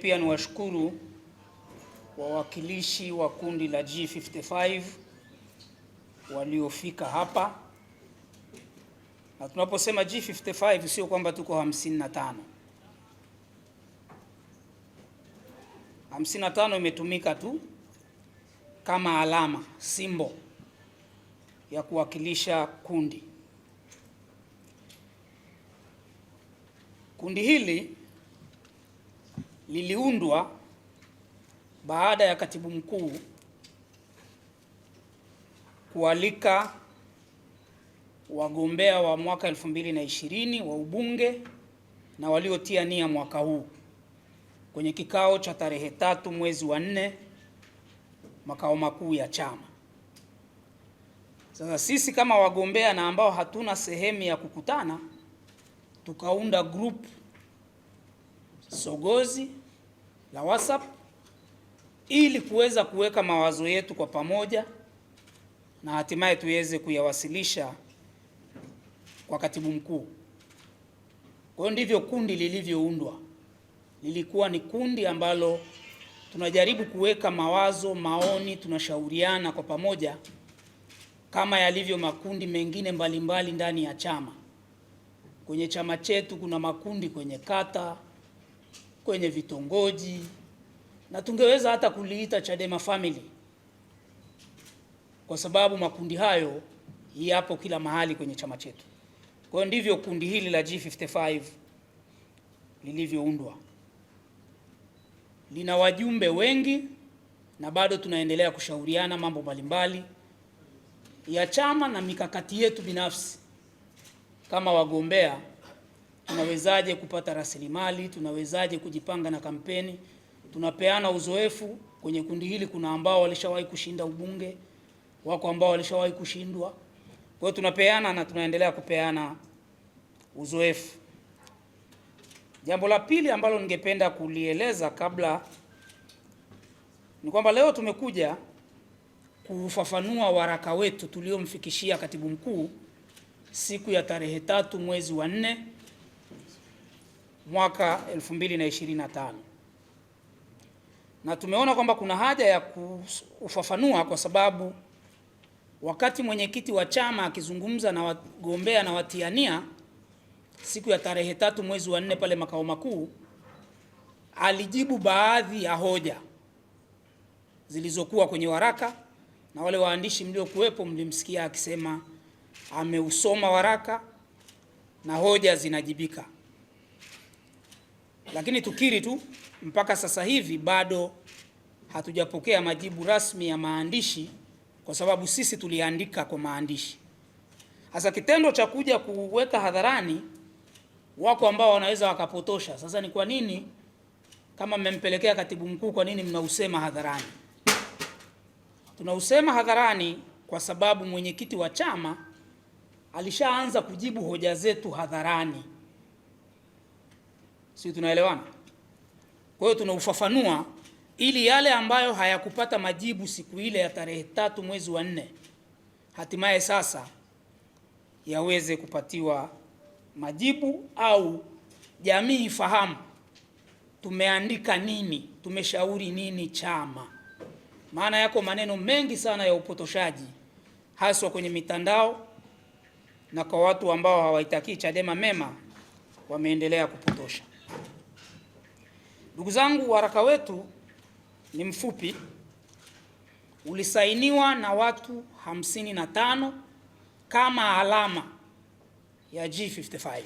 Pia niwashukuru wawakilishi wa kundi la G55 waliofika hapa, na tunaposema G55 sio kwamba tuko 55. 55 imetumika tu kama alama simbo ya kuwakilisha kundi kundi hili liliundwa baada ya katibu mkuu kualika wagombea wa mwaka 2020 wa ubunge na waliotia nia mwaka huu kwenye kikao cha tarehe tatu mwezi wa nne makao makuu ya chama. Sasa sisi kama wagombea na ambao hatuna sehemu ya kukutana, tukaunda group Sogozi la WhatsApp ili kuweza kuweka mawazo yetu kwa pamoja na hatimaye tuweze kuyawasilisha kwa katibu mkuu. Kwa hiyo ndivyo kundi lilivyoundwa. Lilikuwa ni kundi ambalo tunajaribu kuweka mawazo, maoni, tunashauriana kwa pamoja kama yalivyo makundi mengine mbalimbali mbali ndani ya chama. Kwenye chama chetu kuna makundi kwenye kata kwenye vitongoji, na tungeweza hata kuliita Chadema family, kwa sababu makundi hayo yapo kila mahali kwenye chama chetu. Kwa hiyo ndivyo kundi hili la G55 lilivyoundwa, lina wajumbe wengi na bado tunaendelea kushauriana mambo mbalimbali ya chama na mikakati yetu binafsi kama wagombea tunawezaje kupata rasilimali, tunawezaje kujipanga na kampeni. Tunapeana uzoefu. Kwenye kundi hili kuna ambao walishawahi kushinda ubunge, wako ambao walishawahi kushindwa. Kwa hiyo tunapeana na tunaendelea kupeana uzoefu. Jambo la pili ambalo ningependa kulieleza kabla ni kwamba leo tumekuja kufafanua waraka wetu tuliomfikishia katibu mkuu siku ya tarehe tatu mwezi wa nne mwaka 2025 na tumeona kwamba kuna haja ya kufafanua kwa sababu wakati mwenyekiti wa chama akizungumza na wagombea na watiania siku ya tarehe tatu mwezi wa nne pale makao makuu, alijibu baadhi ya hoja zilizokuwa kwenye waraka, na wale waandishi mliokuwepo mlimsikia akisema ameusoma waraka na hoja zinajibika. Lakini tukiri tu, mpaka sasa hivi bado hatujapokea majibu rasmi ya maandishi, kwa sababu sisi tuliandika kwa maandishi. Sasa kitendo cha kuja kuweka hadharani, wako ambao wanaweza wakapotosha. Sasa ni kwa nini, kama mmempelekea katibu mkuu, kwa nini mnausema hadharani? Tunausema hadharani kwa sababu mwenyekiti wa chama alishaanza kujibu hoja zetu hadharani si tunaelewana? Kwa hiyo tunaufafanua ili yale ambayo hayakupata majibu siku ile ya tarehe tatu mwezi wa nne hatimaye sasa yaweze kupatiwa majibu au jamii ifahamu tumeandika nini, tumeshauri nini chama. Maana yako maneno mengi sana ya upotoshaji haswa kwenye mitandao, na kwa watu ambao hawaitakii Chadema mema wameendelea kupotosha. Ndugu zangu, waraka wetu ni mfupi, ulisainiwa na watu 55 kama alama ya G55,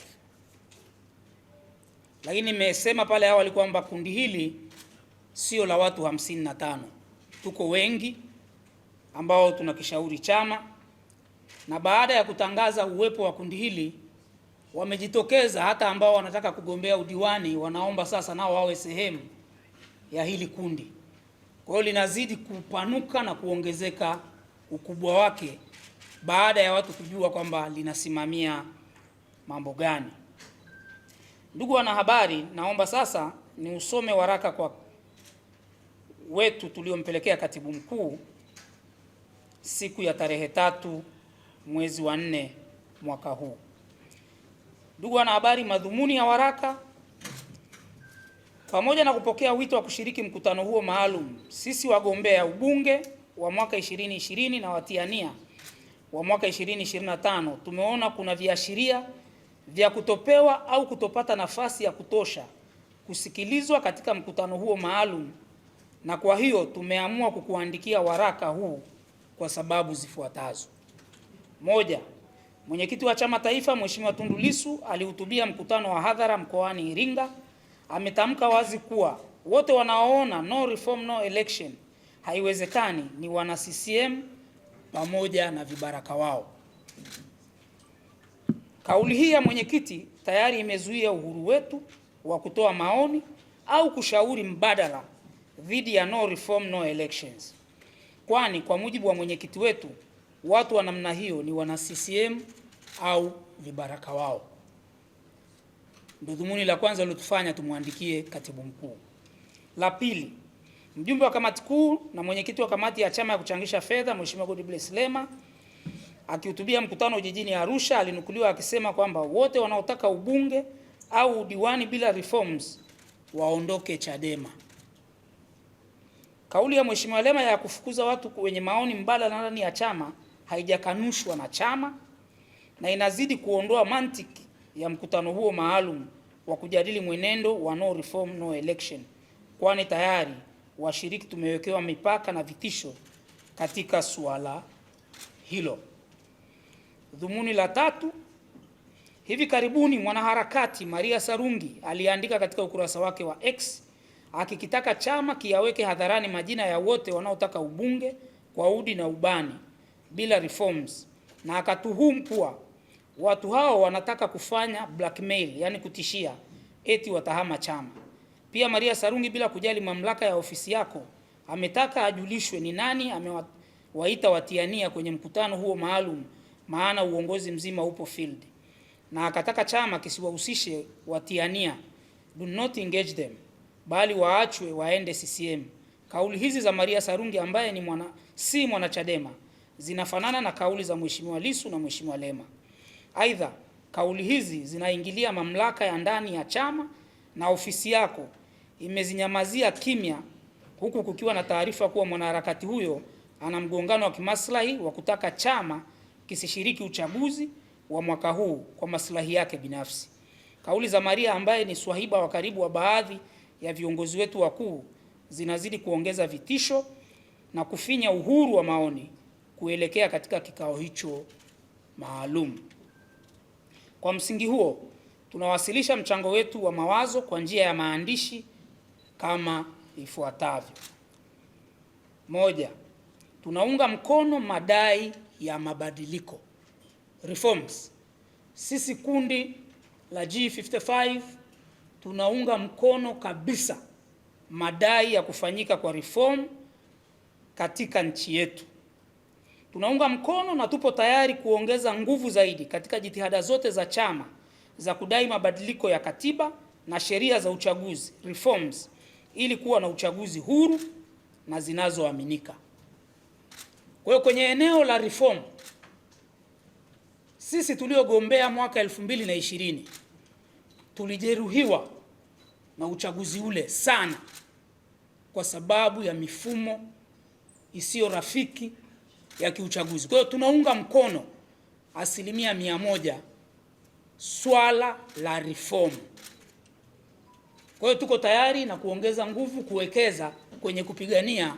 lakini nimesema pale awali kwamba kundi hili sio la watu 55. Tuko wengi ambao tunakishauri chama, na baada ya kutangaza uwepo wa kundi hili wamejitokeza, hata ambao wanataka kugombea udiwani wanaomba sasa nao wawe sehemu ya hili kundi. Kwa hiyo linazidi kupanuka na kuongezeka ukubwa wake baada ya watu kujua kwamba linasimamia mambo gani. Ndugu wanahabari, naomba sasa ni usome waraka kwa wetu tuliompelekea katibu mkuu siku ya tarehe tatu mwezi wa nne mwaka huu. Ndugu wanahabari, madhumuni ya waraka pamoja na kupokea wito wa kushiriki mkutano huo maalum, sisi wagombea ubunge wa mwaka 2020 na watiania wa mwaka 2025 tumeona kuna viashiria vya kutopewa au kutopata nafasi ya kutosha kusikilizwa katika mkutano huo maalum, na kwa hiyo tumeamua kukuandikia waraka huu kwa sababu zifuatazo: moja, Mwenyekiti wa chama taifa Mheshimiwa Tundu Lissu alihutubia mkutano wa hadhara mkoani Iringa. Ametamka wazi kuwa wote wanaoona no reform no election haiwezekani ni wana CCM pamoja na vibaraka wao. Kauli hii ya mwenyekiti tayari imezuia uhuru wetu wa kutoa maoni au kushauri mbadala dhidi ya no reform no elections, kwani kwa mujibu wa mwenyekiti wetu watu wa namna hiyo ni wana CCM au vibaraka wao. Ndio dhumuni la kwanza lilotufanya tumwandikie katibu mkuu. La pili, mjumbe wa kamati kuu na mwenyekiti wa kamati ya chama ya kuchangisha fedha Mheshimiwa Godbless Lema akihutubia mkutano jijini Arusha alinukuliwa akisema kwamba wote wanaotaka ubunge au diwani bila reforms waondoke Chadema. Kauli ya Mheshimiwa Lema ya kufukuza watu wenye maoni mbadala ndani ya chama haijakanushwa na chama na inazidi kuondoa mantiki ya mkutano huo maalum wa kujadili mwenendo wa no reform no election, kwani tayari washiriki tumewekewa mipaka na vitisho katika suala hilo. Dhumuni la tatu, hivi karibuni mwanaharakati Maria Sarungi aliandika katika ukurasa wake wa X akikitaka chama kiyaweke hadharani majina ya wote wanaotaka ubunge kwa udi na ubani bila reforms, na akatuhumu kuwa watu hao wanataka kufanya blackmail, yani kutishia eti watahama chama. Pia Maria Sarungi, bila kujali mamlaka ya ofisi yako, ametaka ajulishwe ni nani amewaita watiania kwenye mkutano huo maalum, maana uongozi mzima upo field, na akataka chama kisiwahusishe watiania, do not engage them, bali waachwe waende CCM. Kauli hizi za Maria Sarungi ambaye ni mwana, si mwana Chadema zinafanana na kauli za Mheshimiwa Lisu na Mheshimiwa Lema. Aidha, kauli hizi zinaingilia mamlaka ya ndani ya chama na ofisi yako imezinyamazia kimya, huku kukiwa na taarifa kuwa mwanaharakati huyo ana mgongano wa kimaslahi wa kutaka chama kisishiriki uchaguzi wa mwaka huu kwa maslahi yake binafsi. Kauli za Maria ambaye ni swahiba wa karibu wa baadhi ya viongozi wetu wakuu zinazidi kuongeza vitisho na kufinya uhuru wa maoni kuelekea katika kikao hicho maalum. Kwa msingi huo, tunawasilisha mchango wetu wa mawazo kwa njia ya maandishi kama ifuatavyo. Moja, tunaunga mkono madai ya mabadiliko reforms. Sisi kundi la G55 tunaunga mkono kabisa madai ya kufanyika kwa reform katika nchi yetu tunaunga mkono na tupo tayari kuongeza nguvu zaidi katika jitihada zote za chama za kudai mabadiliko ya katiba na sheria za uchaguzi reforms, ili kuwa na uchaguzi huru na zinazoaminika. Kwa hiyo kwenye eneo la reform, sisi tuliogombea mwaka 2020 tulijeruhiwa na uchaguzi ule sana, kwa sababu ya mifumo isiyo rafiki ya kiuchaguzi. Kwa hiyo tunaunga mkono asilimia mia moja swala la reform. Kwa hiyo tuko tayari na kuongeza nguvu kuwekeza kwenye kupigania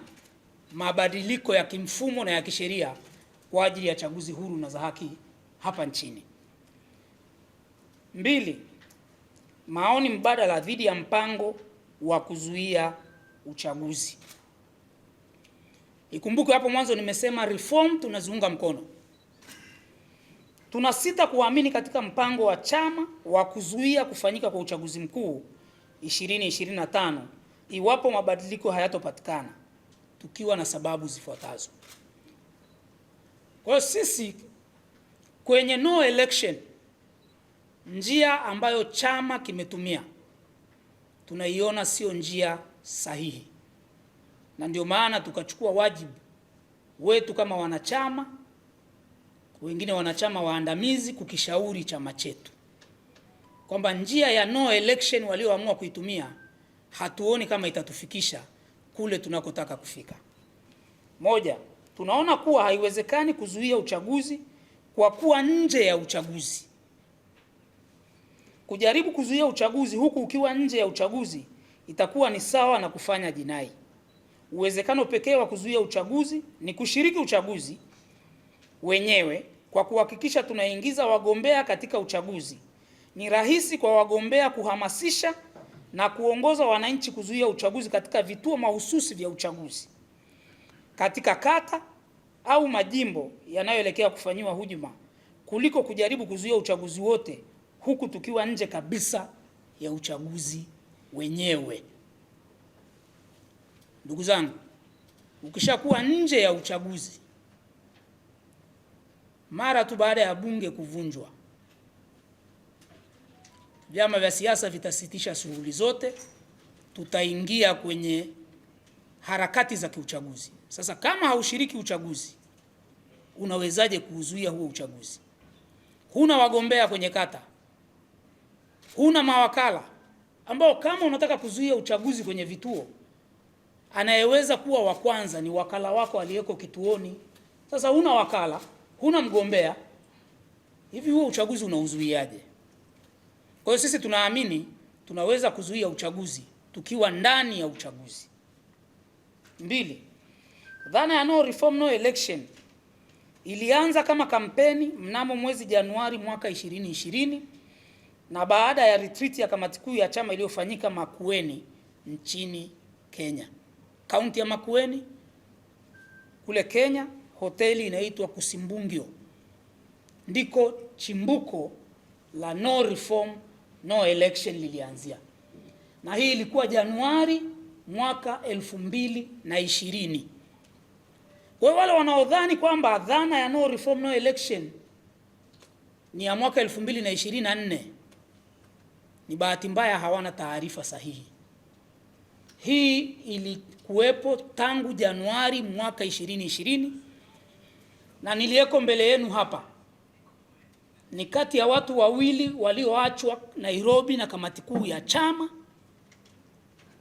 mabadiliko ya kimfumo na ya kisheria kwa ajili ya chaguzi huru na za haki hapa nchini. Mbili, maoni mbadala dhidi ya mpango wa kuzuia uchaguzi. Ikumbuke hapo mwanzo nimesema reform tunaziunga mkono. Tunasita kuamini katika mpango wa chama wa kuzuia kufanyika kwa uchaguzi mkuu 2025 iwapo mabadiliko hayatopatikana tukiwa na sababu zifuatazo. Kwa hiyo sisi kwenye no election, njia ambayo chama kimetumia tunaiona sio njia sahihi na ndio maana tukachukua wajibu wetu kama wanachama, wengine wanachama waandamizi, kukishauri chama chetu kwamba njia ya no election walioamua kuitumia hatuoni kama itatufikisha kule tunakotaka kufika. Moja, tunaona kuwa haiwezekani kuzuia uchaguzi kwa kuwa nje ya uchaguzi. Kujaribu kuzuia uchaguzi huku ukiwa nje ya uchaguzi itakuwa ni sawa na kufanya jinai uwezekano pekee wa kuzuia uchaguzi ni kushiriki uchaguzi wenyewe kwa kuhakikisha tunaingiza wagombea katika uchaguzi. Ni rahisi kwa wagombea kuhamasisha na kuongoza wananchi kuzuia uchaguzi katika vituo mahususi vya uchaguzi katika kata au majimbo yanayoelekea kufanyiwa hujuma kuliko kujaribu kuzuia uchaguzi wote huku tukiwa nje kabisa ya uchaguzi wenyewe. Ndugu zangu, ukishakuwa nje ya uchaguzi, mara tu baada ya bunge kuvunjwa, vyama vya siasa vitasitisha shughuli zote, tutaingia kwenye harakati za kiuchaguzi. Sasa kama haushiriki uchaguzi, unawezaje kuuzuia huo uchaguzi? Huna wagombea kwenye kata, huna mawakala ambao, kama unataka kuzuia uchaguzi kwenye vituo anayeweza kuwa wa kwanza ni wakala wako aliyeko kituoni. Sasa huna wakala, huna mgombea, hivi huo uchaguzi unauzuiaje? Kwa hiyo sisi tunaamini tunaweza kuzuia uchaguzi tukiwa ndani ya uchaguzi. Mbili, dhana ya no reform no election ilianza kama kampeni mnamo mwezi Januari mwaka 2020 na baada ya retreat ya kamati kuu ya chama iliyofanyika Makueni nchini Kenya kaunti ya Makueni kule Kenya, hoteli inaitwa Kusimbungio, ndiko chimbuko la no reform no election lilianzia, na hii ilikuwa Januari mwaka elfu mbili na ishirini. Kwa wale wanaodhani kwamba dhana ya no reform no election ni ya mwaka 2024 ni bahati mbaya, hawana taarifa sahihi. Hii ili kuwepo tangu Januari mwaka 2020 na niliyeko mbele yenu hapa ni kati ya watu wawili walioachwa Nairobi na kamati kuu ya chama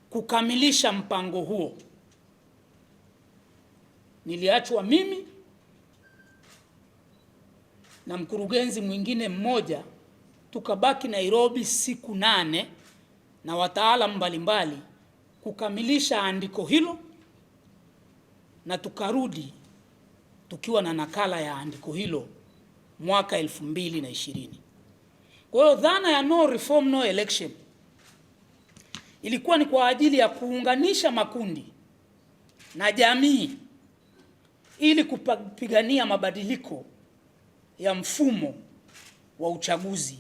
kukamilisha mpango huo. Niliachwa mimi na mkurugenzi mwingine mmoja, tukabaki Nairobi siku nane na wataalamu mbalimbali kukamilisha andiko hilo na tukarudi tukiwa na nakala ya andiko hilo mwaka 2020. Kwa hiyo dhana ya no reform no election ilikuwa ni kwa ajili ya kuunganisha makundi na jamii ili kupigania mabadiliko ya mfumo wa uchaguzi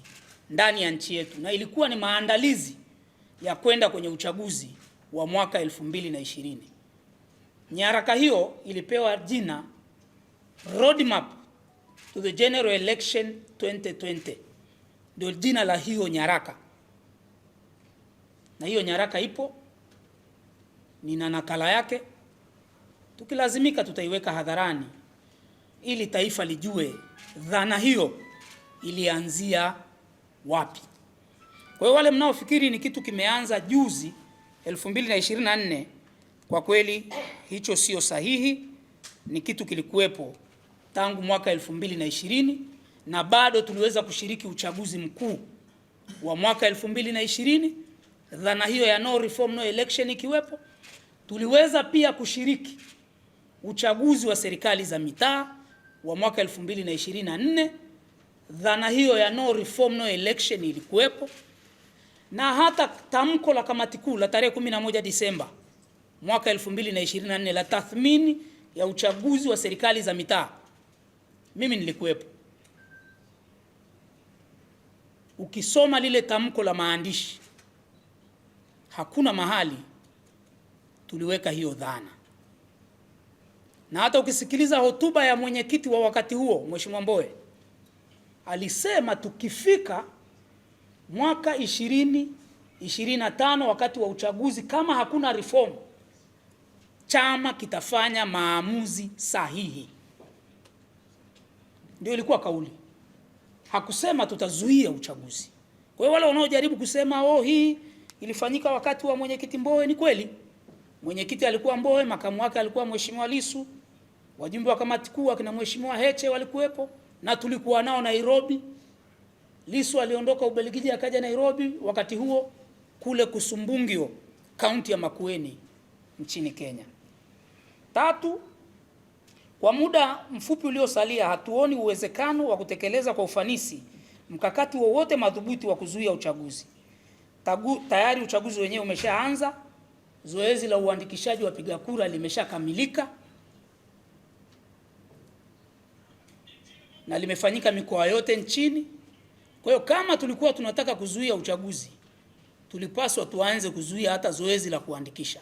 ndani ya nchi yetu, na ilikuwa ni maandalizi ya kwenda kwenye uchaguzi wa mwaka 2020. Nyaraka hiyo ilipewa jina Roadmap to the General Election 2020. Ndio jina la hiyo nyaraka, na hiyo nyaraka ipo, nina nakala yake. Tukilazimika tutaiweka hadharani ili taifa lijue dhana hiyo ilianzia wapi. Kwa hiyo wale mnaofikiri ni kitu kimeanza juzi 2024 kwa kweli hicho sio sahihi. Ni kitu kilikuwepo tangu mwaka 2020 na bado tuliweza kushiriki uchaguzi mkuu wa mwaka 2020, dhana hiyo ya no reform no election ikiwepo, tuliweza pia kushiriki uchaguzi wa serikali za mitaa wa mwaka 2024, dhana hiyo ya no reform no election ilikuwepo na hata tamko la kamati kuu la tarehe 11 Disemba mwaka 2024 la tathmini ya uchaguzi wa serikali za mitaa, mimi nilikuwepo. Ukisoma lile tamko la maandishi, hakuna mahali tuliweka hiyo dhana, na hata ukisikiliza hotuba ya mwenyekiti wa wakati huo Mheshimiwa Mbowe alisema tukifika mwaka 20 25 wakati wa uchaguzi, kama hakuna reform, chama kitafanya maamuzi sahihi. Ndio ilikuwa kauli, hakusema tutazuia uchaguzi. Kwa hiyo wale wanaojaribu kusema oh, hii ilifanyika wakati wa mwenyekiti Mbowe, ni kweli mwenyekiti alikuwa Mbowe, makamu wake alikuwa mheshimiwa Lisu, wajumbe wa kamati kuu akina mheshimiwa Heche walikuwepo na tulikuwa nao Nairobi. Lisu aliondoka Ubelgiji akaja Nairobi, wakati huo kule Kusumbungio, kaunti ya Makueni nchini Kenya. Tatu, kwa muda mfupi uliosalia hatuoni uwezekano wa kutekeleza kwa ufanisi mkakati wowote madhubuti wa kuzuia uchaguzi. Tagu, tayari uchaguzi wenyewe umeshaanza, zoezi la uandikishaji wa wapiga kura limeshakamilika na limefanyika mikoa yote nchini. Kwa hiyo kama tulikuwa tunataka kuzuia uchaguzi, tulipaswa tuanze kuzuia hata zoezi la kuandikisha.